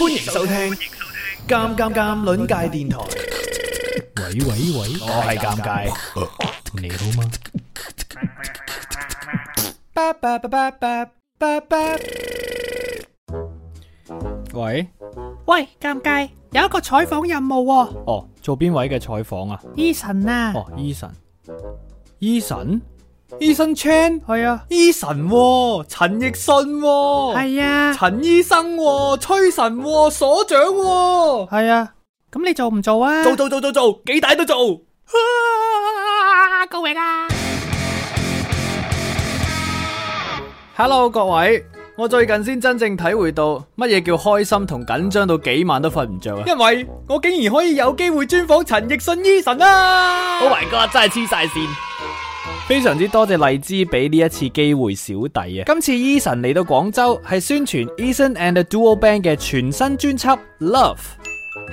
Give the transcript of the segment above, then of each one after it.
.歡迎收聽《尷尷尷》倫界電台。喂喂喂，我係尷尬，你好嗎？喂喂，尷尬，有一個採訪任務哦。哦，做邊位嘅採訪啊？Eason 啊。哦，Eason，Eason。醫生 Chan 係啊，Eason 陳奕迅係啊，陳、啊、醫生、啊、崔神、啊、所長係啊，咁、啊、你做唔做啊？做做做做做，幾大都做。啊、高永啊！Hello，各位，我最近先真正體會到乜嘢叫開心同緊張到幾晚都瞓唔着啊！因為我竟然可以有機會專訪陳奕迅 Eason 啊！Oh my God 真係黐晒線。非常之多謝荔枝俾呢一次機會小弟啊！今次 Eason 嚟到廣州係宣傳 Eason and the Duo Band 嘅全新專輯《Love》。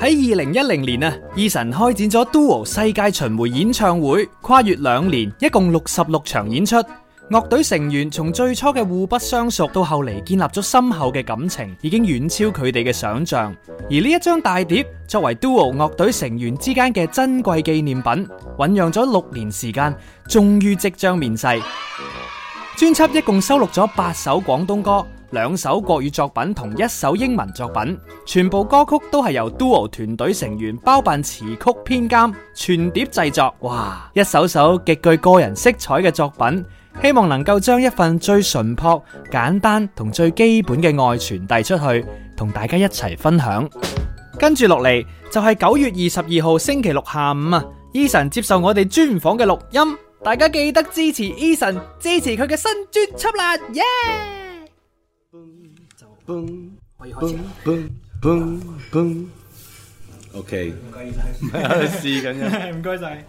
喺、e、二零一零年啊，Eason 開展咗 Duo 世界巡回演唱會，跨越兩年，一共六十六場演出。樂隊成員從最初嘅互不相熟到後嚟建立咗深厚嘅感情，已經遠超佢哋嘅想象。而呢一張大碟作為 Duo 樂隊成員之間嘅珍貴紀念品，醞釀咗六年時間，終於即將面世。 專輯一共收錄咗八首廣東歌、兩首國語作品同一首英文作品，全部歌曲都係由 Duo 團隊成員包辦詞曲編監全碟製作。哇！一首首極具個人色彩嘅作品。希望能夠將一份最淳樸、簡單同最基本嘅愛傳遞出去，同大家一齊分享。跟住落嚟就係9月二十二號星期六下午啊，Eason 接受我哋專訪嘅錄音。大家記得支持 Eason，支持佢嘅新專輯啦！耶！可以開車。OK。唔該晒。唔係喺度試緊呀？唔該晒，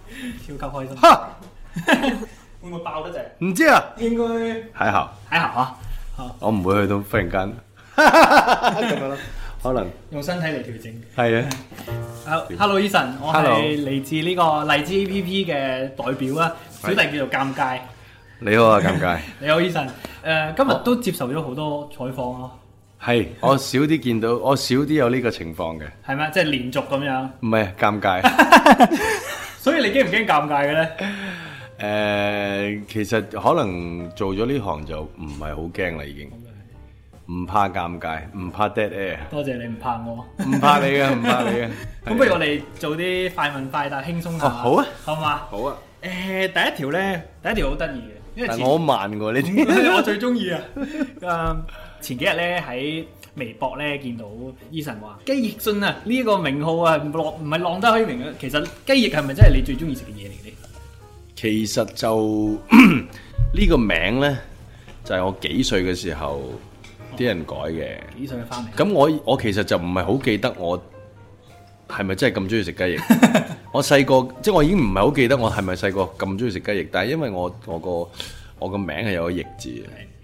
超級開心。會唔會爆得滯？唔知啊，應該睇下，睇下啊。我唔會去到忽然間咁樣咯。可能用身體嚟調整。係啊。好，Hello，Eason，我係嚟自呢個荔枝 A P P 嘅代表啊，小弟叫做尷尬。你好啊，尷尬。你好，Eason。誒，今日都接受咗好多採訪咯。係，我少啲見到，我少啲有呢個情況嘅。係咩？即係連續咁樣？唔係，尷尬。所以你驚唔驚尷尬嘅咧？誒，uh, 其實可能做咗呢行就唔係好驚啦，已經唔怕尷尬，唔怕 dead air。多謝你唔怕我，唔 怕你嘅，唔怕你嘅。咁 不如我哋做啲快問快答，輕鬆下。好啊，好嘛吧？好啊。誒，uh, 第一條咧，第一條好得意嘅，因為我慢過你，你知唔知？ 我最中意啊！ 前幾日咧喺微博咧見到 Eason 話雞翼信啊，呢、這、一個名號啊浪唔係浪得虛名啊。其實雞翼係咪真係你最中意食嘅嘢嚟嘅？其實就呢、 呢個名咧，就係、是、我幾歲嘅時候啲人改嘅。幾歲嘅花名？咁我我其實就唔係好記得我係咪真係咁中意食雞翼。 我細個即係我已經唔係好記得我係咪細個咁中意食雞翼。但係因為我我，我個我個名係有個翼字，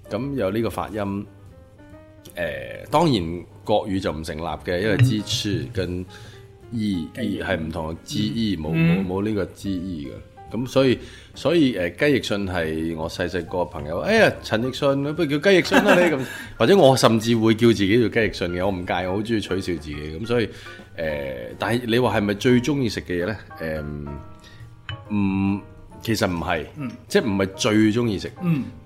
咁的有呢個發音。誒、呃，當然國語就唔成立嘅，因為翅跟翼係唔同嘅。翅翼冇冇呢個翅翼嘅。E 咁所以所以誒、呃、雞翼信係我細細個朋友，哎呀陳奕迅，不如叫雞翼信啦、啊、你咁， 或者我甚至會叫自己叫雞翼信嘅，我唔介意，我好中意取笑自己咁。所以誒、呃，但係你話係咪最中意食嘅嘢咧？誒、呃、唔，其實唔係，嗯、即係唔係最中意食，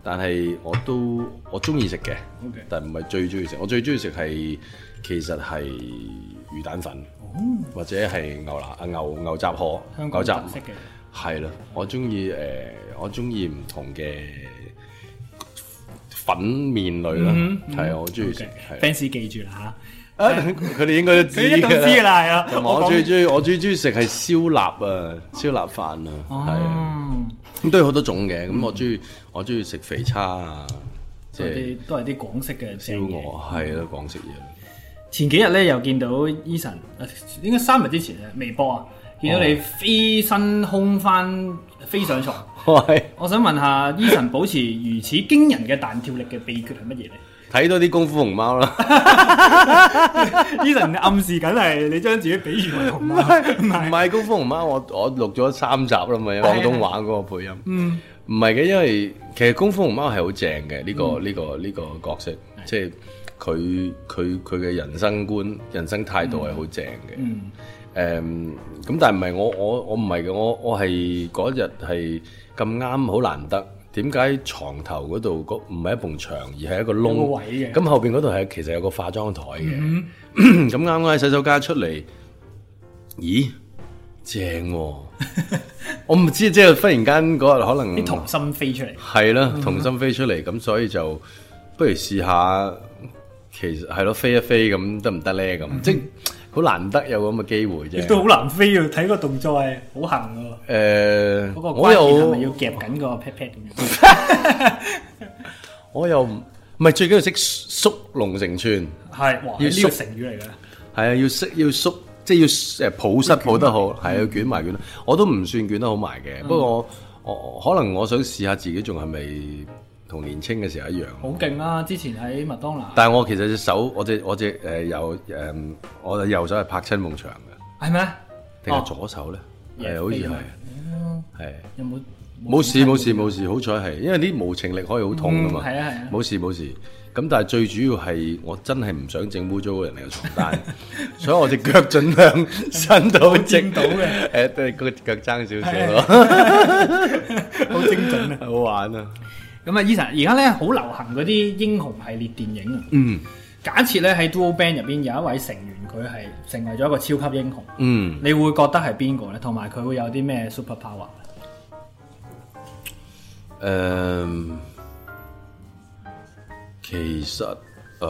但係我都我中意食嘅。Okay. 但唔係最中意食，我最中意食係其實係魚蛋粉，oh, 或者係牛腩啊牛牛，牛，牛雜河牛雜。牛蟹牛蟹牛係咯，我中意誒，我中意唔同嘅粉麵類啦，係啊，我中意食。fans 記住啦吓，佢哋應該都知噶啦。我最中意，我最中意食係燒臘啊，燒臘飯啊，係啊，咁都有好多種嘅。咁我中意，我中意食肥叉啊，即係都係啲廣式嘅燒鵝，係咯廣式嘢。前幾日咧又見到 Eason，應該三日之前啊，微博啊。見到你飛身空翻飛上床， 的我想問下，Eason 保持如此驚人嘅彈跳力嘅秘訣係乜嘢咧？睇多啲功夫熊貓啦，Eason 暗示緊係你將自己比喻為熊貓，唔係，唔係功夫熊貓，我我錄咗三集啦嘛，廣東話嗰個配音，唔係嘅，因為其實功夫熊貓係好正嘅，呢、這個呢、嗯這個呢、這個這個角色，即係佢佢佢嘅人生觀、人生態度係好正嘅，誒、嗯。嗯咁但係唔係我我我唔係嘅我我係嗰日係咁啱好難得，點解床頭嗰度唔係一埲牆而係一個窿？個位嘅。咁後邊嗰度係其實有個化妝台嘅。咁啱啱喺洗手間出嚟，咦？正、啊， 我唔知即係、就是、忽然間嗰日可能。你童心飛出嚟。係啦，童心飛出嚟，咁、嗯、哼所以就不如試下，其實係咯，飛一飛咁得唔得咧？咁、嗯、哼即好難得有咁嘅機會啫，亦都好難飛啊！睇個動作係好行嘅。誒、欸，嗰個關鍵係咪要夾緊個 pat 我又唔係最緊要識縮龍成寸，係哇！呢個成語嚟嘅，係啊，要識要縮，即係要誒抱實抱得好，係要、嗯啊、捲埋捲。我都唔算捲得好埋嘅，嗯、不過我，我可能我想試，試下自己仲係咪？同年青嘅時候一樣，好勁啦！之前喺麥當勞，但係我其實隻手，我隻我隻誒右誒，我隻右手係拍親夢場嘅，係咩？定係左手咧？係好似係，係有冇，冇事冇事冇事，好彩係，因為啲無情力可以好痛噶嘛，係啊係啊，冇事冇事。咁但係最主要係我真係唔想整污糟人哋嘅床單，所以我隻腳盡量伸到整到嘅，誒，對個腳爭少少咯，好精準，好玩啊！咁啊，Eason，而家咧好流行嗰啲英雄系列電影。嗯。假設咧喺 Duo Band 入邊有一位成員，佢係成為咗一個超級英雄。嗯。你會覺得係邊個咧？同埋佢會有啲咩 super power？誒，um, 其實誒，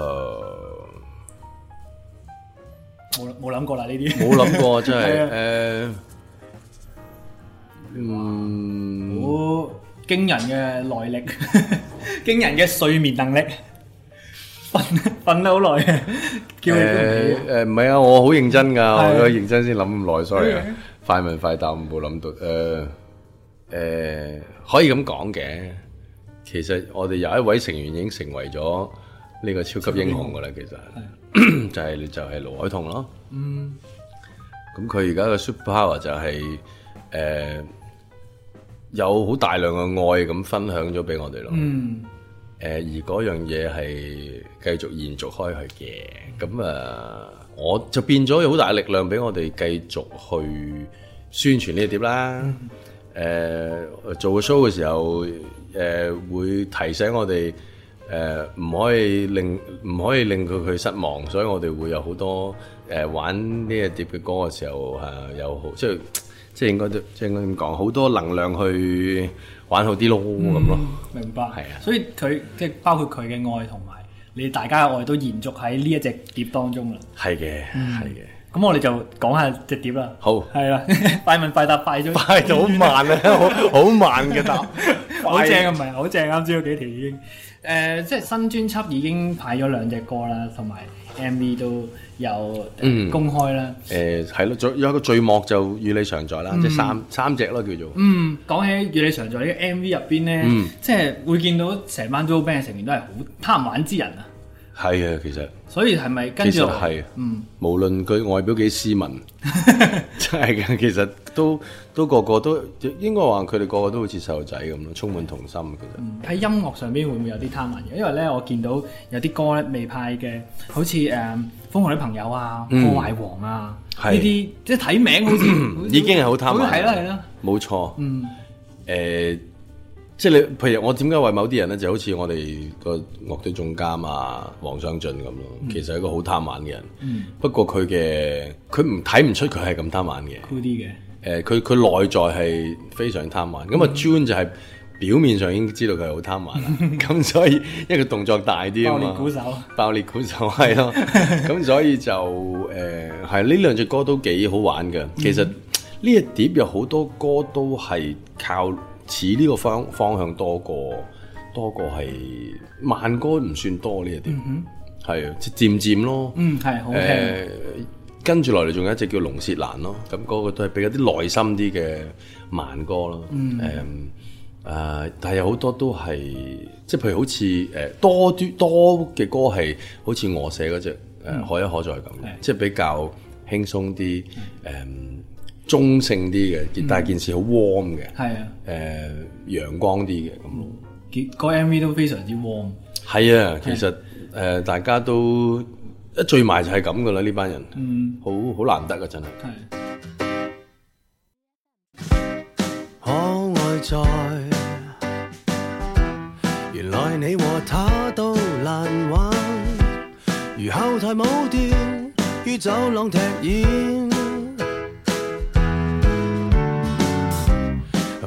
冇冇諗過啦呢啲。冇諗過真係誒。嗯。我。驚人嘅耐力，驚人嘅睡眠能力，瞓瞓得好耐。誒誒，唔係啊，我好認真噶，我認真先諗咁耐。Sorry 啊，快問快答，唔好諗到。誒誒，可以咁講嘅，其實我哋有一位成員已經成為咗呢個超級英雄噶啦。其實就係就係盧海彤咯。嗯，咁佢而家嘅 super power 就係誒。有好大量嘅愛咁分享咗俾我哋咯，誒、嗯呃，而嗰樣嘢係繼續延續開去嘅，咁啊、呃，我就變咗有好大嘅力量俾我哋繼續去宣傳呢隻碟啦，誒、呃，做 show 嘅時候，誒、呃，會提醒我哋，誒、呃，唔可以令唔可以令到佢失望，所以我哋會有好多誒、呃、玩呢隻碟嘅歌嘅時候，誒、啊，有好即係。即係應該都，即係咁講，好多能量去玩好啲咯，咁咯、嗯。明白，係啊的，所以佢即係包括佢嘅愛，同埋你大家嘅愛都延續喺呢一隻碟當中啦。係嘅，係嘅。咁我哋就講下隻碟啦。好，係啦，快問快答快咗，快咗好慢啊，好，好慢嘅答，好正啊唔係，好正， 啱先有幾條已經，誒、呃，即係新專輯已經派咗兩隻歌啦，同埋。M V 都有、呃嗯、公開啦，誒係咯，仲有一個序幕就《與你常在》啦，嗯、即係三三隻咯叫做。嗯，講起《與你常在》呢個 M V 入邊咧，嗯、即係會見到成班 Zoo Band 成員都係好貪玩之人啊。係啊、嗯，其實。所以係咪跟住着？嗯，無論佢外表幾斯文，真係嘅。其實都都個個都應該話佢哋個個都好似細路仔咁樣，充滿童心。其實喺、嗯、音樂上邊會唔會有啲貪玩嘅？因為咧，我見到有啲歌咧未派嘅，好似誒《瘋狂女朋友》啊，《破壞王》啊呢啲，即係睇名好似已經係好貪玩。係啦係啦，冇錯。嗯，誒、啊。 即係你，譬如我點解話某啲人咧，就好似我哋個樂隊總監啊黃尚俊咁咯，其實係一個好貪玩嘅人。嗯、不過佢嘅佢唔睇唔出佢係咁貪玩嘅。啲嘅。誒、呃，佢佢內在係非常貪玩。咁啊，John 就係表面上已經知道佢係好貪玩，咁、嗯、 所以因為佢動作大啲啊嘛。爆裂鼓手。爆裂鼓手係咯，咁 所以就誒係呢兩隻歌都幾好玩嘅。其實呢一碟有好多歌都係靠。似呢個方向，方向多過多過係慢歌，唔算多呢一點，係、嗯、哼漸漸咯。嗯，係好。誒跟住落嚟仲有一隻叫龍舌蘭咯，咁、那、嗰個都係比較啲耐心啲嘅慢歌咯。誒誒、嗯哼嗯呃，但係好多都係即係譬如好似誒、呃、多啲多嘅歌係好似我寫嗰隻、嗯、哼可一可再咁，是即係比較輕鬆啲誒。嗯中性啲嘅，嗯、但係件事好 warm 嘅，係啊，誒、呃、陽光啲嘅咁咯。個 MV 都非常之 warm。係啊，其實誒、嗯呃、大家都一聚埋就係咁噶啦，呢班人，嗯、好好難得噶真係。啊、可愛在原來你和他都難忘，如後台冇電，於走廊踢演。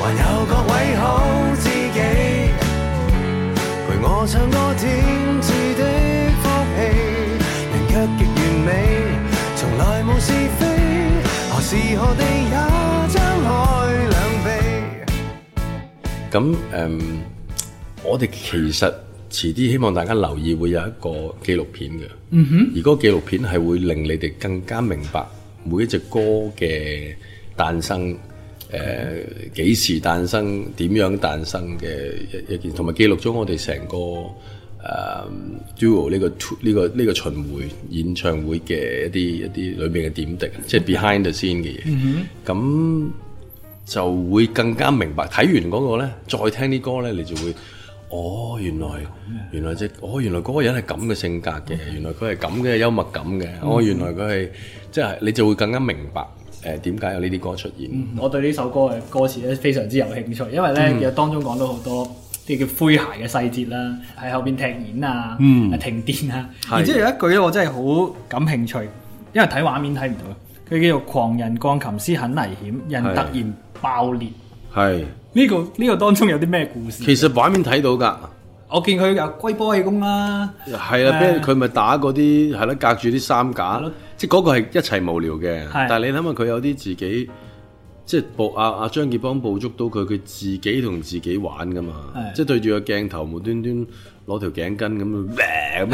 還有各位好知己，陪我唱歌天賜的福氣，人卻極完美，從來無是非，何時何地也張開兩臂。咁，嗯、呃，我哋其實遲啲希望大家留意會有一個紀錄片嘅。嗯哼，而個紀錄片係會令你哋更加明白每一隻歌嘅誕生。誒幾、呃、時誕生？點樣誕生嘅一一件，同埋記錄咗我哋成個誒、呃、duo 呢、呢個呢、呢個呢、呢個巡迴演唱會嘅一啲一啲裏面嘅點滴，mm hmm。即係 behind the scene 嘅嘢。咁、mm hmm。就會更加明白。睇完嗰個咧，再聽啲歌咧，你就會，哦，原來原來即係哦，原來嗰個人係咁嘅性格嘅，原來佢係咁嘅幽默感嘅，哦，原來佢係即係，你就會更加明白。誒點解有呢啲歌出現？嗯、我對呢首歌嘅歌詞咧非常之有興趣，因為咧其實、嗯、當中講到好多啲叫灰鞋嘅細節啦，喺後邊踢毽啊，嗯、停電啊。是然之後的而且有一句咧，我真係好感興趣，因為睇畫面睇唔到，佢叫做狂人鋼琴師很危險，人突然爆裂。係呢的的、這個呢、這個當中有啲咩故事？其實畫面睇到㗎，我見佢有龜波氣功啦，係啊，佢咪的打嗰啲係咯，隔住啲三架。即係嗰個係一齊無聊嘅，的但係你諗下佢有啲自己，即係報阿阿張傑幫捕捉到佢，佢自己同自己玩噶嘛，的即係對住個鏡頭無端端。攞條頸巾咁，咩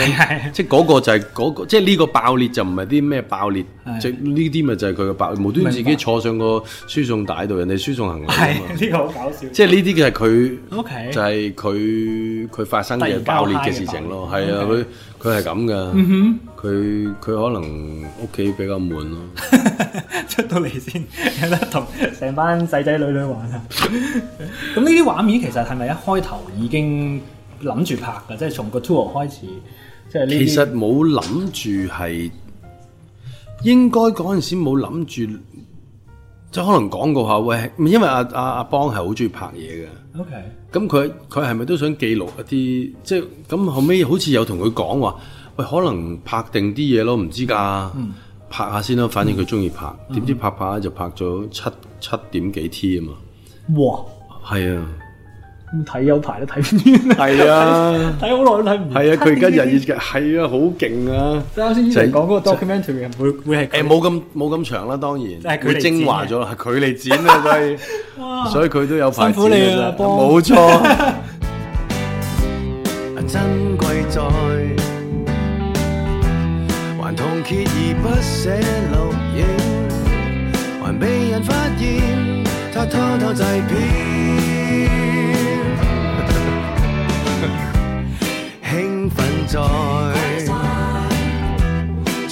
咁，即係嗰個就係嗰個，即係呢個爆裂就唔係啲咩爆裂，的即係呢啲咪就係佢嘅爆裂，無端端自己坐上個輸送帶度，人哋輸送行李。呢個好搞笑。即係呢啲嘅係佢，OK，就係佢佢發生嘅爆裂嘅事情咯。係啊，佢佢係咁㗎。嗯哼，佢佢可能屋企比較悶咯。 出到嚟先有得同成班仔仔女女玩啊！咁呢啲畫面其實係咪一開頭已經？諗住拍嘅，即係從個 tour 開始，即係呢啲。其實冇諗住係，應該嗰陣時冇諗住，即係可能講過下：「喂，因為阿阿阿邦係好中意拍嘢嘅。」OK，咁佢佢係咪都想記錄一啲，即係咁後尾好似有同佢講話，喂，可能拍定啲嘢咯，唔知噶，嗯、拍下先咯，反正佢中意拍。嗯、點知拍拍就拍咗七七點幾 T 啊嘛，哇，係啊。睇有排都睇唔完啊！係啊，睇好耐都睇唔完。係啊，佢而家演嘅係啊，好勁啊！即係好似頭先講嗰個 documentary，會會係誒冇咁冇咁長啦，當然會精華咗啦，距離剪啊，所以所以佢都有份。辛苦你啊，幫。冇錯。珍貴在還鍥而不捨錄影，還被人發現他偷偷製片。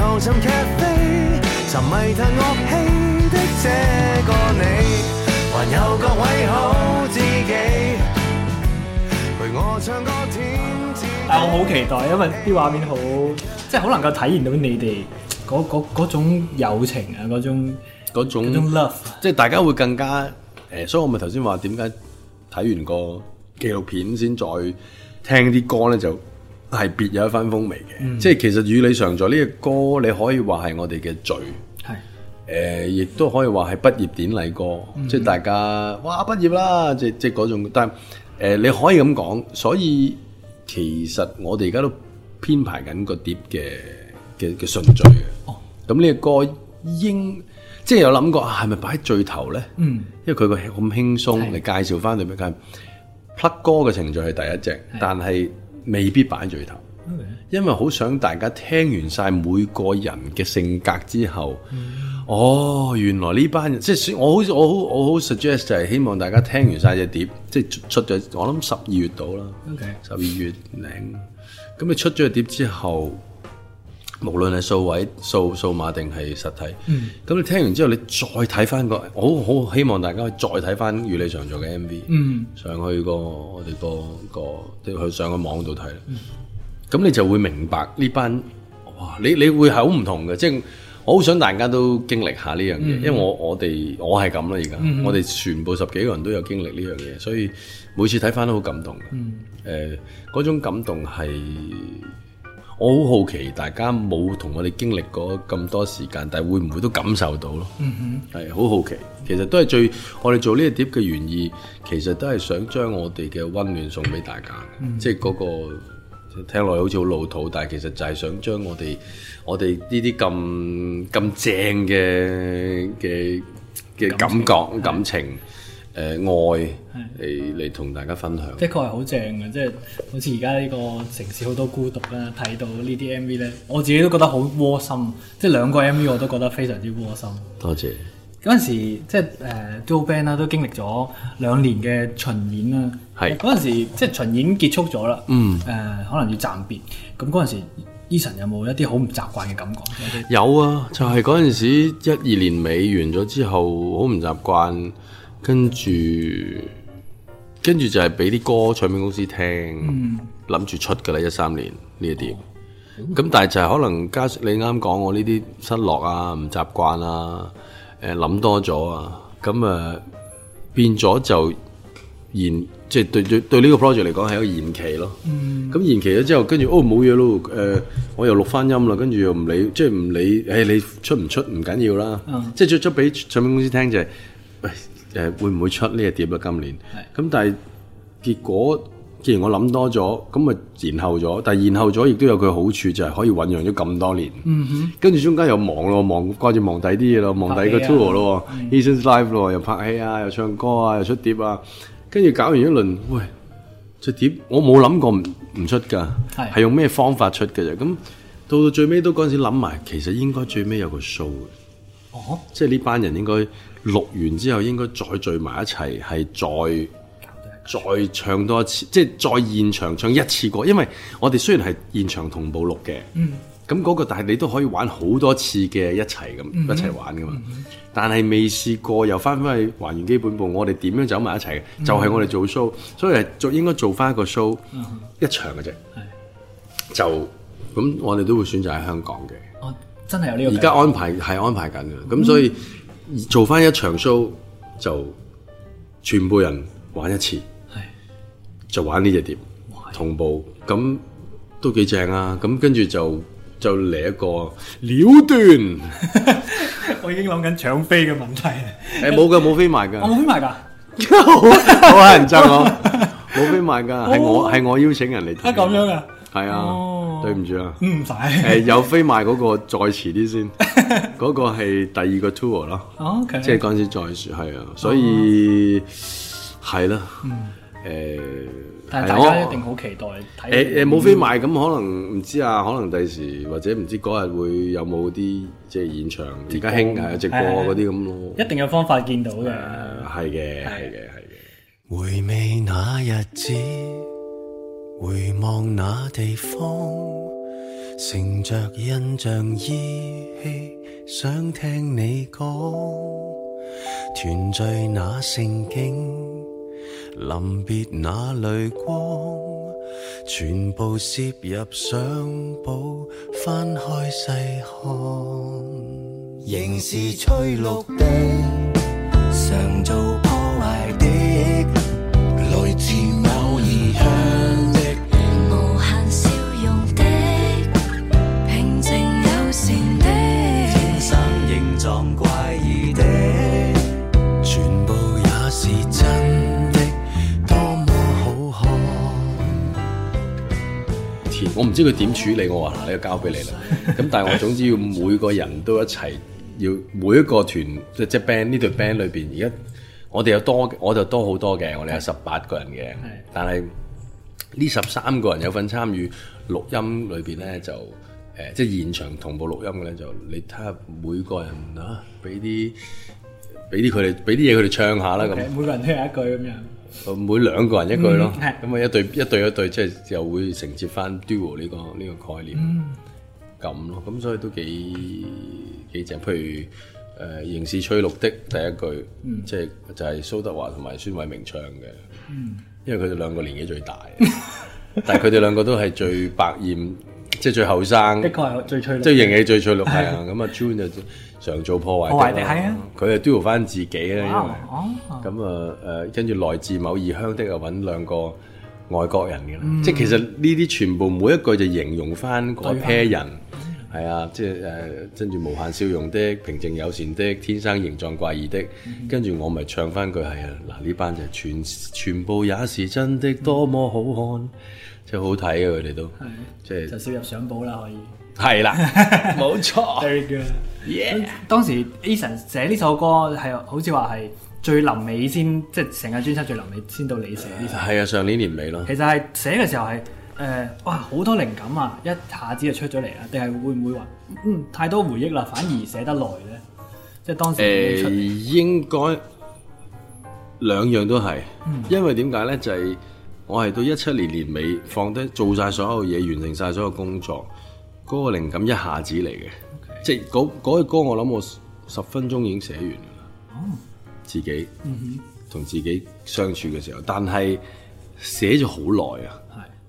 有浸咖悲，沉迷彈樂器的這個你，還有各位好知己，陪我唱歌。但我好期待，因為啲畫面好，即係好能夠體現到你哋嗰嗰種友情啊，嗰種嗰種，種 love，即係大家會更加誒、呃，所以我咪頭先話點解睇完個紀錄片先再聽啲歌咧就。係別有一番風味嘅，um, 即係其實與你常在呢個歌，你可以話係我哋嘅序，係誒，亦都可以話係畢業典禮歌，即係大家哇畢業啦，即即係嗰種，但係誒你可以咁講，所以其實我哋而家都編排緊個碟嘅嘅嘅順序嘅，哦，咁呢個歌應即係有諗過啊，係咪擺喺最頭咧？嗯，因為佢個咁輕鬆嚟介紹翻你咩？咁的，的歌嘅程序係第一隻，但係的。未必擺喺頭，Okay. 因為好想大家聽完晒每個人嘅性格之後，嗯、哦，原來呢班人，即係我好似我好我好 suggest 就係希望大家聽完晒隻碟，即係出咗我諗十二月到啦，十二 Okay. 月零，咁你出咗碟之後。無論係數位、數數碼定係實體，咁、嗯、你聽完之後，你再睇翻、那個，我好，好希望大家去再睇翻《與你常聚》嘅 M V，、嗯、上去個我哋個個，即係去上個網度睇，咁、嗯、你就會明白呢班，哇！你你會係好唔同嘅，即係我好想大家都經歷下呢樣嘢，嗯、因為我我哋我係咁啦，而家、嗯、我哋全部十幾個人都有經歷呢樣嘢，所以每次睇翻都好感動嘅。誒、嗯，嗰、呃、種感動係。我好好奇，大家冇同我哋經歷過咁多時間，但係會唔會都感受到咯？嗯哼、mm，係、hmm。好好奇。其實都係最我哋做呢一碟嘅原意，其實都係想將我哋嘅溫暖送俾大家。即係嗰個聽落好似好老土，但係其實就係想將我哋我哋呢啲咁咁正嘅嘅嘅感覺感情。感情感情誒、呃、愛嚟嚟同大家分享，的確係、就是、好正嘅，即係好似而家呢個城市好多孤獨啦。睇到呢啲 MV 咧，我自己都覺得好窩心。即、就、係、是、兩個 MV 我都覺得非常之窩心。多謝嗰謝陣時，即係誒 Duo Band 啦，都經歷咗兩年嘅巡演啦。係嗰陣時，即、就、係、是、巡演結束咗啦。嗯誒、呃，可能要暫別。咁嗰陣時，Eason 有冇一啲好唔習慣嘅感覺？有啊，就係嗰陣時一二年尾完咗之後，好唔習慣。跟住，跟住就係俾啲歌唱片公司聽，諗住、嗯、出噶啦一三年呢一點，咁但係就係可能加上，你啱講我呢啲失落啊，唔習慣啊、誒、呃、諗多咗啊，咁、嗯、啊變咗就延，即係、就是、對對對呢個 project 嚟講係一個延期咯。咁、嗯、延期咗之後，跟住哦冇嘢咯，誒、呃、我又錄翻音啦，跟住又唔理，即係唔理，誒、哎、你出唔出唔緊要啦，嗯、即係出出俾唱片公司聽就係、是，喂、哎。誒，會唔會出呢個碟啊？今年，咁的但係結果，既然我諗多咗，咁咪延後咗。但係延後咗，亦都有佢好處，就係、是、可以醞釀咗咁多年。嗯哼，跟住中間又忙咯，忙掛住忙第啲嘢咯，忙第二個 tour 咯，Eason Live 咯，又拍戲啊，又唱歌啊，又出碟啊。跟住搞完一輪，喂，碟出碟，我冇諗過唔唔出噶，係用咩方法出嘅啫？咁到到最尾都嗰陣時諗埋，其實應該最尾有個 show 哦，即係呢班人應該。錄完之後應該再聚埋一齊，係再再、就是、唱多一次，即係再現場唱一次過。因為我哋雖然係現場同步錄嘅，咁嗰、嗯那個但係你都可以玩好多次嘅一齊咁一齊玩㗎嘛。嗯嗯、但係未試過又翻返去還原基本步，我哋點樣走埋一齊？就係、是、我哋做 show，、嗯、哼所以應該做應該做翻一個 show、嗯、哼一場嘅啫。的就咁，我哋都會選擇喺香港嘅。哦、喔，真係有呢個，而家安排係安排緊嘅，咁、啊嗯、所以。做翻一場 show，就全部人玩一次，就玩呢隻碟同步，咁都幾正啊！咁跟住就就嚟一個了斷，我已經諗緊搶飛嘅問題。誒，冇噶，冇飛埋噶，我冇飛埋噶，我係唔爭，我冇飛埋噶，係我係我邀請人嚟睇。係咁樣噶，係啊。對唔住啊，唔使，誒，有飛賣嗰個，再遲啲先，嗰個係第二個 tour 咯，OK，即係嗰陣時再説，係啊，所以係咯，誒，但大家一定好期待睇誒誒冇飛賣咁可能唔知啊，可能第時或者唔知嗰日會有冇啲即係演唱而家興啊直播嗰啲咁咯，一定有方法見到嘅，係嘅係嘅係嘅。回味那日子，回望那地方。乘着印象依稀，想聽你講團聚那盛景，臨別，那淚光，全部攝入相簿，翻開細看，仍是翠綠的，常做破壞的，來自。我唔知佢點處理我、啊，我話你呢交俾你啦。咁但係我總之要每個人都一齊，要每一個團即即 band 呢隊 band 裏邊。而家我哋有多，我就多好多嘅，我哋有十八個人嘅。但係呢十三個人有份參與錄音裏邊咧，就誒即現場同步錄音嘅咧，就你睇下每個人啊，俾啲俾啲佢哋，俾啲嘢佢哋唱下啦咁。每個人聽下一句咁樣。每兩個人一句咯，咁啊、嗯嗯、一對一對一對，即係又會承接翻 Duo 呢、這個呢、這個概念，咁、嗯、咯，咁、嗯、所以都幾幾正。譬如誒《仍、呃、是翠綠的》第一句，嗯、即係就係蘇德華同埋孫偉明唱嘅，嗯、因為佢哋兩個年紀最大， 但係佢哋兩個都係最百厭。即係最後生，的確係最脆。即係形起最脆綠皮啊！咁阿 June 就常做破壞。破壞係啊！佢又 do 翻自己咧。哦，咁啊，誒、呃，跟住來自某異鄉的揾兩個外國人嘅，嗯、即係其實呢啲全部每一句就形容翻嗰 pair 人。係啊、嗯、啊，即係誒、呃，跟住無限笑容的、平靜友善的、天生形狀怪異的，嗯嗯、跟住我咪唱翻句係啊！嗱、哎，呢班就全全部也是，是，是，是，是真的，多麼好看。即好睇嘅佢哋都，即係就收入相簿啦可以。係啦，冇錯。Yeah，當時 Eason 寫呢首歌係好似話係最臨尾先，即係成個專輯最臨尾先到你寫呢首。係啊，上年年尾咯。其實係寫嘅時候係誒，哇好多靈感啊，一下子就出咗嚟啊！定係會唔會話嗯太多回憶啦，反而寫得耐咧？即係當時。誒應該兩樣都係，因為點解咧就係。我係到一七年年尾放低做晒所有嘢，完成晒所有工作，嗰、嗰個靈感一下子嚟嘅。Okay. 即係嗰嗰隻歌我諗我十分鐘已經寫完噶啦、oh. 自己同、mm hmm. 自己相處嘅時候，但係寫咗好耐啊，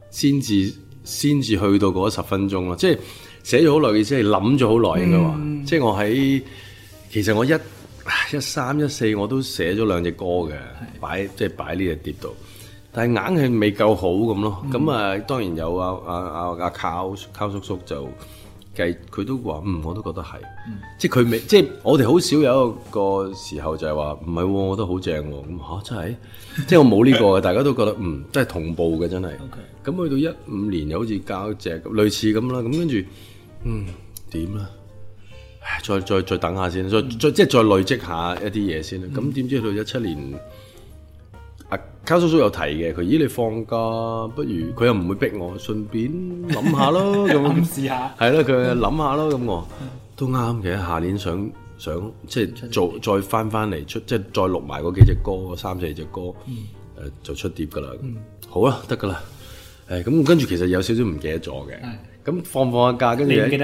先至先至去到嗰十分鐘咯，即係寫咗好耐嘅，mm hmm. 即係諗咗好耐噶嘛，即係我喺其實我一一三一四我都寫咗兩隻歌嘅，擺 Yes. 即係擺呢隻碟度。但硬係未夠好咁咯，咁啊當然有啊啊啊啊，靠叔叔就計，佢都話嗯，我都覺得係，嗯、即係佢未，即係我哋好少有一個時候就係話唔係，我覺得好正喎，咁、啊、吓真係，即係我冇呢、這個嘅，大家都覺得嗯，真係同步嘅真係，咁去 Okay.、嗯、到一五年又好似交隻類似咁啦，咁跟住嗯點啦，唉，再再再等下先，再再、嗯、即係再累積下一啲嘢先啦，咁點知去到一七年。阿卡叔叔有提嘅，佢咦你放假，不如佢又唔會逼我，順便諗 一下咯，咁試下係咯，佢諗下咯，咁我都啱嘅。下年想想即係做再翻翻嚟出，即係再錄埋嗰幾隻歌，三四隻歌，誒、嗯呃、就出碟噶啦。嗯、好啦，得噶啦。誒咁跟住其實有少少唔記得咗嘅，咁的放放下假，跟住我唔記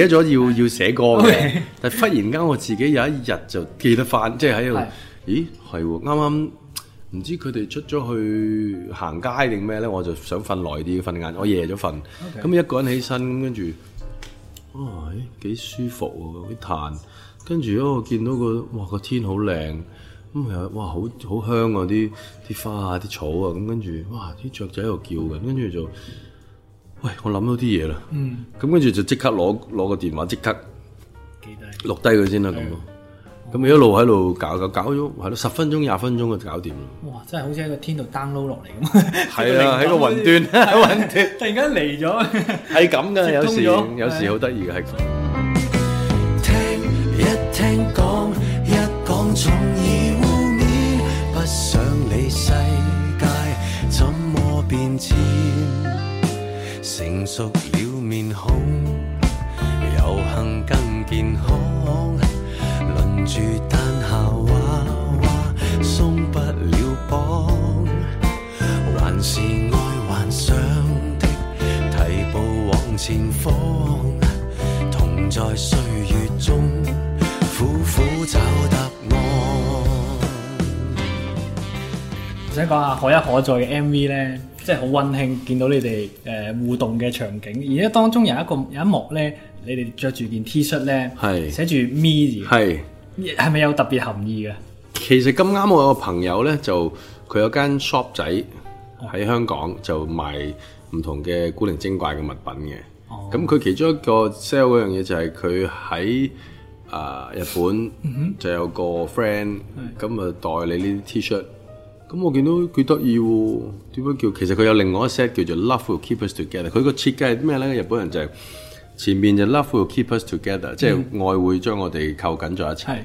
得咗要的要寫歌嘅，Okay 但係忽然間我自己有一日就記得翻，即係喺度咦係喎，啱啱。唔知佢哋出咗去行街定咩咧，我就想瞓耐啲瞓晏，我夜咗瞓。咁 Okay. 一個人起身，跟住，哦，咦，幾舒服啊！好嘆，跟住嗰我見到個，哇，個天好靚，咁又哇，好好香啊！啲啲花啊，啲草啊，咁跟住，哇，啲雀仔喺度叫緊，跟住就，喂，我諗到啲嘢啦，咁跟住就即刻攞攞個電話，即刻錄低佢先啦，咁啊。嗯咁佢一路喺度搞搞搞咗，係咯，十分鐘廿分鐘就搞掂啦。哇！真係好似喺個天度 download 落嚟咁。係啊，喺個雲端，喺雲端突然間嚟咗，係咁噶，有時有時好得意嘅係咁。啊、聽一聽講，一講從而污衊，不想理世界怎麼變遷，成熟。可一可再嘅 MV 咧，即係好溫馨，見到你哋誒、呃、互動嘅場景，而且當中有一個有一幕咧，你哋着住件 T 恤咧，係是寫住 Me 係咪有特別含義嘅？其實咁啱我有個朋友咧，就佢有間 shop 仔喺香港，就賣唔同嘅古靈精怪嘅物品嘅。咁佢、哦、其中一個 sell 嗰樣嘢就係佢喺啊日本就有個 friend，咁啊、嗯、哼代理呢啲 T 恤。Shirt, 咁我見到佢得意喎，點解叫？其實佢有另外一 set 叫做 Love will keep us together。佢個設計係咩咧？日本人就係前面就是、Love will keep us together，、嗯、即係愛會將我哋扣緊咗一齊。是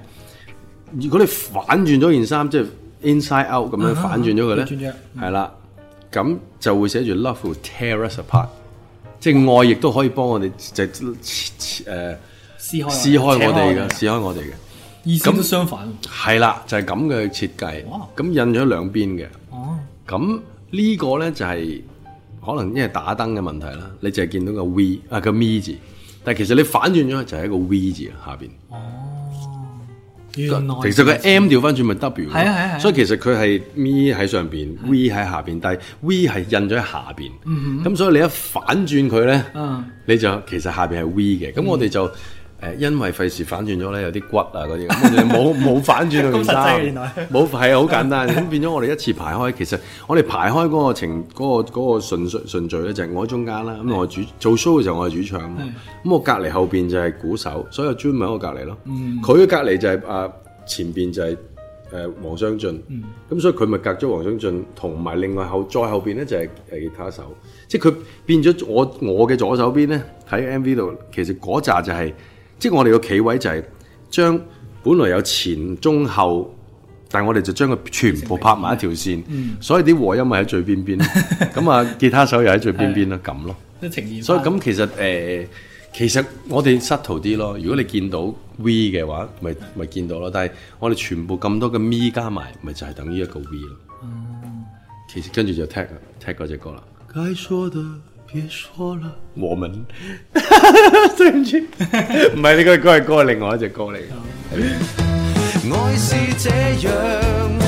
如果你反轉咗件衫，即、就、係、是、inside out 咁樣反轉咗佢咧，係啦、啊啊啊啊啊，咁、嗯、就會寫住 Love will tear us apart，、嗯、即係愛亦都可以幫我哋就誒撕開撕開我哋嘅撕開我哋嘅。咁相反，係啦，就係咁嘅設計。咁哇印咗兩邊嘅。咁、啊、呢個咧就係、是、可能因為打燈嘅問題啦，你就係見到個 V 啊個 M 字，但係其實你反轉咗就係一個 V 字下邊。哦，原來其實佢 M 調翻轉咪 W。係啊係啊。啊啊所以其實佢係 M 喺上邊、啊、，V 喺下邊，但係 V 係印咗喺下邊。咁、嗯、哼所以你一反轉佢咧，嗯、你就其實下邊係 V 嘅。咁我哋就。嗯誒，因為費事反轉咗咧，有啲骨啊嗰啲，冇冇反轉到 原來，冇係好簡單咁 變咗。我哋一次排開，其實我哋排開嗰個程、嗰個、嗰個順序順序咧，就係、是、我喺中間啦。咁、嗯嗯、我主做 show 嘅時候我是、嗯，我係主唱嘛。咁我隔籬後邊就係鼓手，所以有 j o 喺我隔籬咯。佢嘅隔籬就係阿、啊、前邊就係誒黃雙進，咁、嗯、所以佢咪隔咗黃雙進，同埋另外後再後邊咧就係結他手。即係佢變咗我我嘅左手邊咧喺 MV 度，其實嗰扎就係、是。即係我哋個企位就係將本來有前中後，但係我哋就將佢全部拍埋一條線，所以啲和音咪喺最邊邊，咁啊吉他手又喺最邊邊啦，咁的咯。所以咁其實誒、呃，其實我哋 settle 啲咯。如果你見到 V 嘅話，咪咪的見到咯。但係我哋全部咁多嘅咪加埋，咪就係等於一個 V 咯。嗯、其實跟住就聽聽嗰隻歌啦。別說了，我們、yes, like. 對唔住，唔係呢個歌係歌，係另外一隻歌嚟嘅。愛是這樣。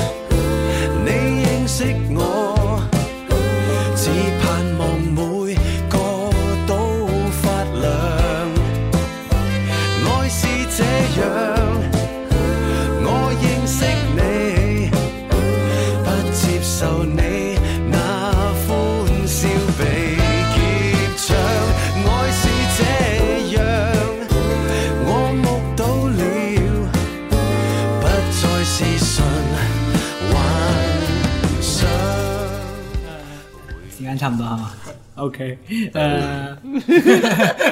差唔多係嘛？OK，誒，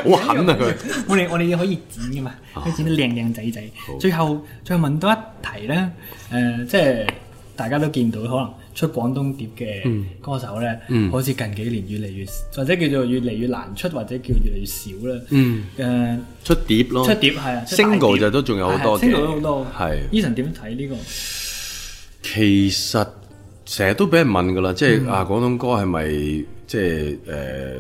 好狠啊，佢。我哋我哋可以剪噶嘛？可以剪得靚靚仔仔。最後再問多一題咧，誒，即係大家都見到可能出廣東碟嘅歌手咧，好似近幾年越嚟越，或者叫做越嚟越難出，或者叫越嚟越少啦。嗯，誒，出碟咯，出碟係啊，single 就都仲有好多，single 都好多，係。Eason 點睇呢個？其實。成日都俾人問噶啦，即係、嗯、啊，廣東歌係咪即係誒誒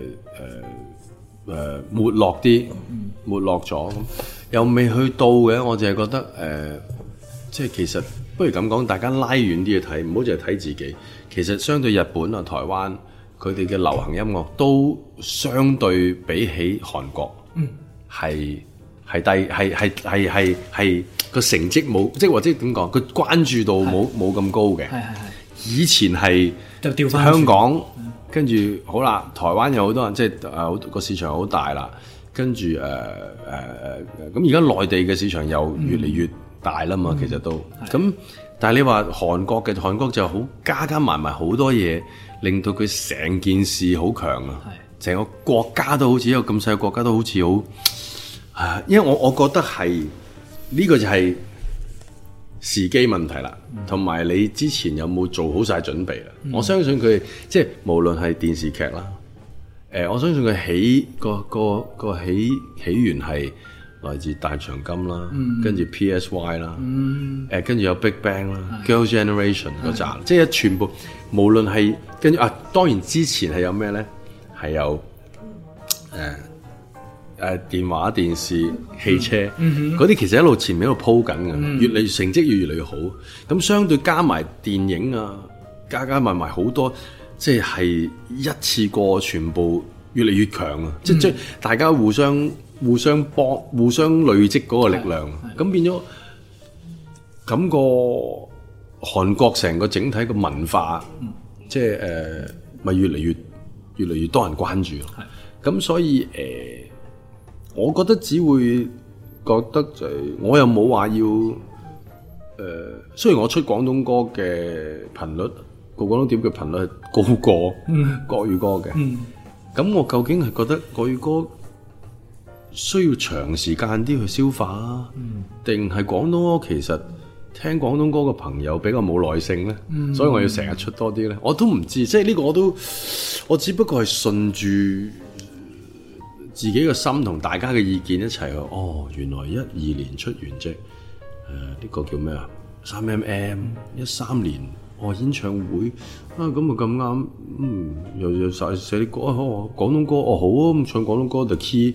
誒沒落啲，沒落咗，落嗯、又未去到嘅。我淨係覺得誒、呃，即係其實不如咁講，大家拉遠啲去睇，唔好淨係睇自己。其實相對日本啊、台灣，佢哋嘅流行音樂都相對比起韓國，係係低係係係係係個成績冇，即係或者點講，佢關注度冇冇咁高嘅。是以前係香港，跟住好啦，台灣有好多人，即係誒，個、啊、市場好大啦。跟住誒誒咁而家內地嘅市場又越嚟越大啦嘛。嗯、其實都咁，嗯嗯、但係你話韓國嘅韓國就好，加加埋埋好多嘢，令到佢成件事好強啊！成的個國家都好似一個咁細嘅國家，都好似好啊。因為我我覺得係呢、呢個就係、是。時機問題啦，同埋你之前有冇做好晒準備，嗯、啦、呃。我相信佢即係無論係電視劇啦，誒，我相信佢起個個個起起源係來自大長今啦，嗯、跟住 PSY 啦，誒、嗯呃，跟住有 Big Bang 啦的，Girl Generation 嗰扎，的的即係全部無論係跟住啊，當然之前係有咩咧？係有誒。呃誒，電話、電視、汽車，嗰啲、嗯、哼其實一路前面一路鋪緊嘅，嗯、越嚟越成績越嚟越好。咁相對加埋電影啊，加加埋埋好多，即係一次過全部越嚟越強啊！嗯、即係大家互相互相幫、互相累積嗰個力量，咁變咗，咁、咁個韓國成個整體嘅文化，嗯、即係誒、咪、呃、越嚟越、越嚟越多人關注咯。咁的所以誒。呃我覺得只會覺得就係、我又冇話要誒、呃。雖然我出廣東歌嘅頻率，個廣東碟嘅頻率係高過國語歌嘅，咁 我究竟係覺得國語歌需要長時間啲去消化啊？定係 廣東歌其實聽廣東歌嘅朋友比較冇耐性咧， 所以我要成日出多啲咧。我都唔知，即係呢個我都我只不過係順住。自己個心同大家嘅意見一齊去哦，原來一二年出完隻誒，呢個叫咩啊？三 M M 一三年哦，演唱會啊，咁啊咁啱嗯，又又寫寫啲歌哦，廣東歌哦好啊，咁唱廣東歌嘅 key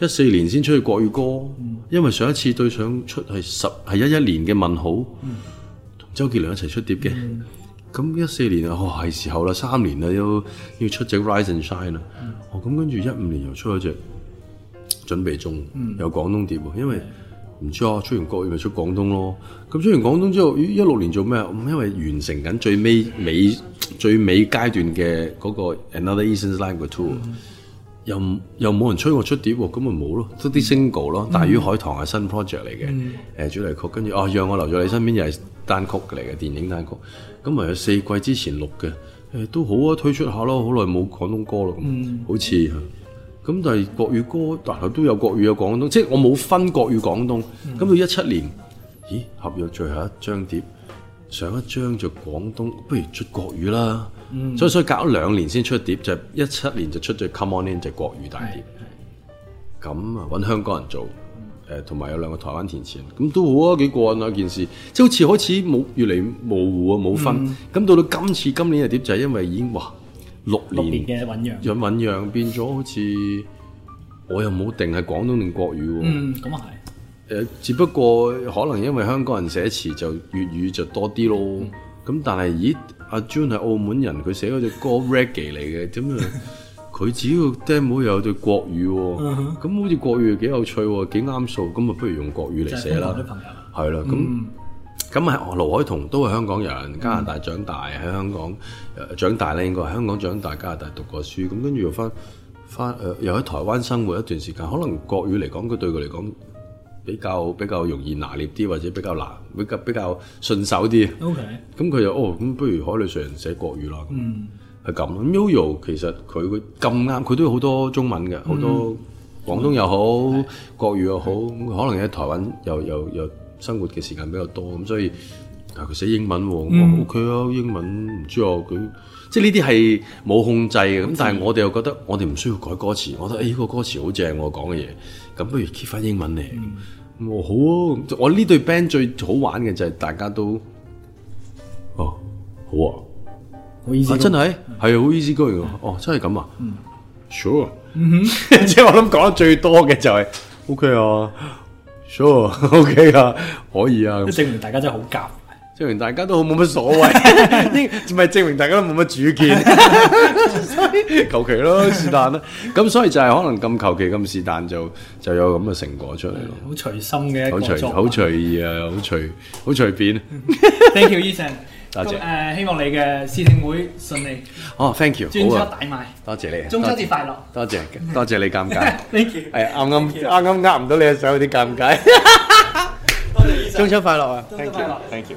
一四、嗯、年先出去國語歌，嗯、因為上一次對上出係十係一一年嘅問號，同、嗯、周杰倫一齊出碟嘅。嗯嗯咁一四年啊，哦，係時候啦，三年啦，要要出隻 Rise and Shine 啦，嗯、哦咁跟住一五年又出咗隻準備中，嗯、有廣東碟、哦，因為唔錯、哦，出完國語咪出廣東咯。咁出完廣東之後，一六年做咩、嗯？因為完成緊最尾尾最尾階段嘅嗰個 Another Eason's Life 嘅 two，又又冇人催我出碟、哦，咁咪冇咯，出啲 single 咯。大魚海棠係新 project 嚟嘅，誒、嗯嗯、主題曲，跟住哦、啊、讓我留在你身邊又係。單曲嚟嘅，電影單曲，咁咪係四季之前錄嘅，誒、欸、都好啊，推出下咯，好耐冇廣東歌咯，嗯、 好似，咁但係國語歌，但係都有國語嘅廣東，即係我冇分國語廣東，咁、嗯、到一七年，咦合約最後一張碟，上一張就廣東，不如出國語啦、嗯，所以所以隔咗兩年先出碟，就一、是、七年就出咗 Come On In 就國語大碟，咁啊搵香港人做，誒，同埋有兩個台灣填詞，咁都好啊，幾過癮啊件事，即係好似開始冇越嚟模糊啊冇分，咁、嗯、到到今次今年又點？就係因為已經哇六年嘅醞釀，讓醞釀變咗好似我又冇定係廣東定國語喎。嗯，咁啊係誒，只不過可能因為香港人寫詞就粵語就多啲咯。咁但係咦，阿、啊、June 係澳門人，佢寫嗰隻歌 reggae 嚟嘅，點啊？ 佢只要 demo 又有對國語、哦，咁、uh huh. 嗯、好似國語幾有趣、哦，幾啱數，咁啊不如用國語嚟寫啦。係啦，咁咁啊，嗯、盧海彤都係香港人，加拿大長大喺香港、嗯呃、長大咧，應該係香港長大，加拿大讀過書，咁跟住又翻翻、呃、又喺台灣生活一段時間，可能國語嚟講，佢對佢嚟講比較比較容易拿捏啲，或者比較難比較比較順手啲。OK，咁佢又哦，咁不如海里上人寫國語啦。嗯。係咁，Uro 其實佢佢咁啱，佢都有好多中文嘅，好多廣東又好，嗯、國語又好，嗯、可能喺台灣又又又生活嘅時間比較多，咁所以但佢寫英文、嗯、，O、okay、K 啊，英文唔知啊，佢即係呢啲係冇控制嘅，咁、嗯、但係我哋又覺得我哋唔需要改歌詞，我覺得誒呢、哎那個歌詞好正，我講嘅嘢，咁不如 keep 翻英文嚟、嗯啊啊。好啊，我呢隊 band 最好玩嘅就係大家都，哦好啊。啊！真係係好意思講嘅，哦，真係咁啊！Sure，即係我諗講得最多嘅就係，OK 啊，Sure，OK 啊，可以啊！證明大家真係好夾，證明大家都冇乜所謂，唔係證明大家都冇乜主見，求其咯，是但啦。咁所以就係可能咁求其咁是但，就就有咁嘅成果出嚟咯。好隨心嘅一個，好隨意啊，好隨好隨便。Thank you，Eason。多謝誒，希望你嘅試兄會順利。好，oh，thank you，中秋大賣好啊！多謝你，中秋節快樂，多謝，多謝，多謝你尷尬，係啱啱啱啱，呃唔到你嘅手，有啲尷尬。 多謝你中秋快樂啊 Thank you。Thank you。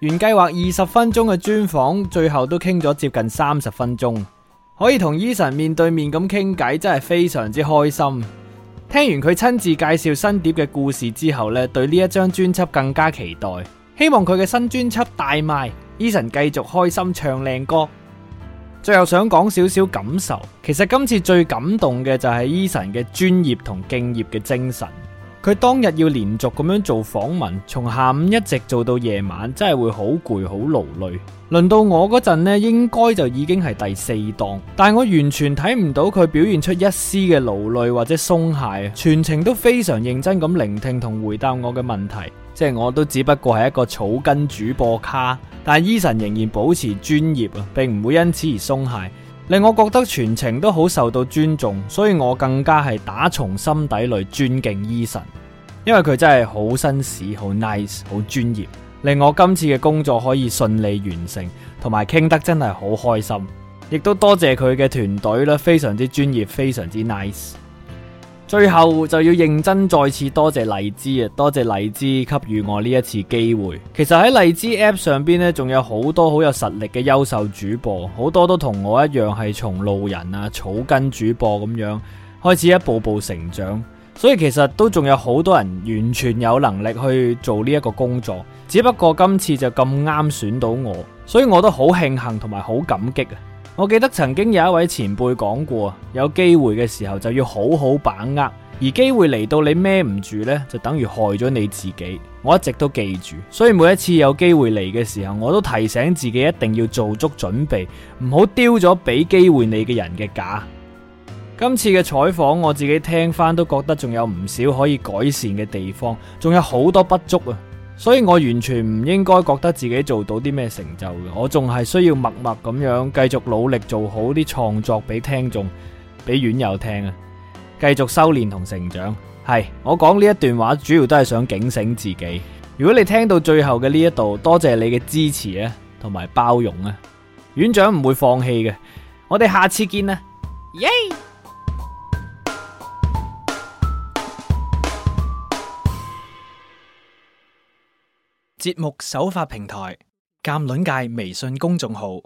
原計劃二十分鐘嘅專訪，最後都傾咗接近三十分鐘。可以同 Eason 面對面咁傾偈，真係非常之開心。聽完佢親自介紹新碟嘅故事之後呢，對呢一張專輯更加期待。希望佢嘅新專輯大賣，Eason 繼續開心唱靚歌。最後想講少少感受，其實今次最感動嘅就係 Eason 嘅專業同敬業嘅精神。佢當日要連續咁樣做訪問，從下午一直做到夜晚，真係會好攰好勞累。輪到我嗰陣呢，應該就已經係第四檔，但我完全睇唔到佢表現出一絲嘅勞累或者鬆懈，全程都非常認真咁聆聽同回答我嘅問題。即係我都只不過係一個草根主播卡，但係 Eason 仍然保持專業啊，並唔會因此而鬆懈。令我覺得全程都好受到尊重，所以我更加係打從心底裏尊敬醫生，因為佢真係好紳士、好 nice、好專業，令我今次嘅工作可以順利完成，同埋傾得真係好開心，亦都多謝佢嘅團隊咧，非常之專業、非常之 nice。最後就要認真再次多謝荔枝啊，多謝荔枝給予我呢一次機會。其實喺荔枝 App 上邊呢，仲有好多好有實力嘅優秀主播，好多都同我一樣係從路人啊、草根主播咁樣開始一步步成長。所以其實都仲有好多人完全有能力去做呢一個工作，只不過今次就咁啱選到我，所以我都好慶幸同埋好感激啊！我記得曾經有一位前輩講過，有機會嘅時候就要好好把握，而機會嚟到你孭唔住呢，就等於害咗你自己。我一直都記住，所以每一次有機會嚟嘅時候，我都提醒自己一定要做足準備，唔好丟咗俾機會你嘅人嘅架。今次嘅採訪我自己聽翻都覺得仲有唔少可以改善嘅地方，仲有好多不足啊。所以我完全唔應該覺得自己做到啲咩成就嘅，我仲係需要默默咁樣繼續努力做好啲創作俾聽眾、俾院友聽啊，繼續修煉同成長。係我講呢一段話主要都係想警醒自己。如果你聽到最後嘅呢一度，多謝你嘅支持啊，同埋包容啊，院長唔會放棄嘅。我哋下次見啊，耶！Yeah! 節目首發平台：鑒論界微信公眾號。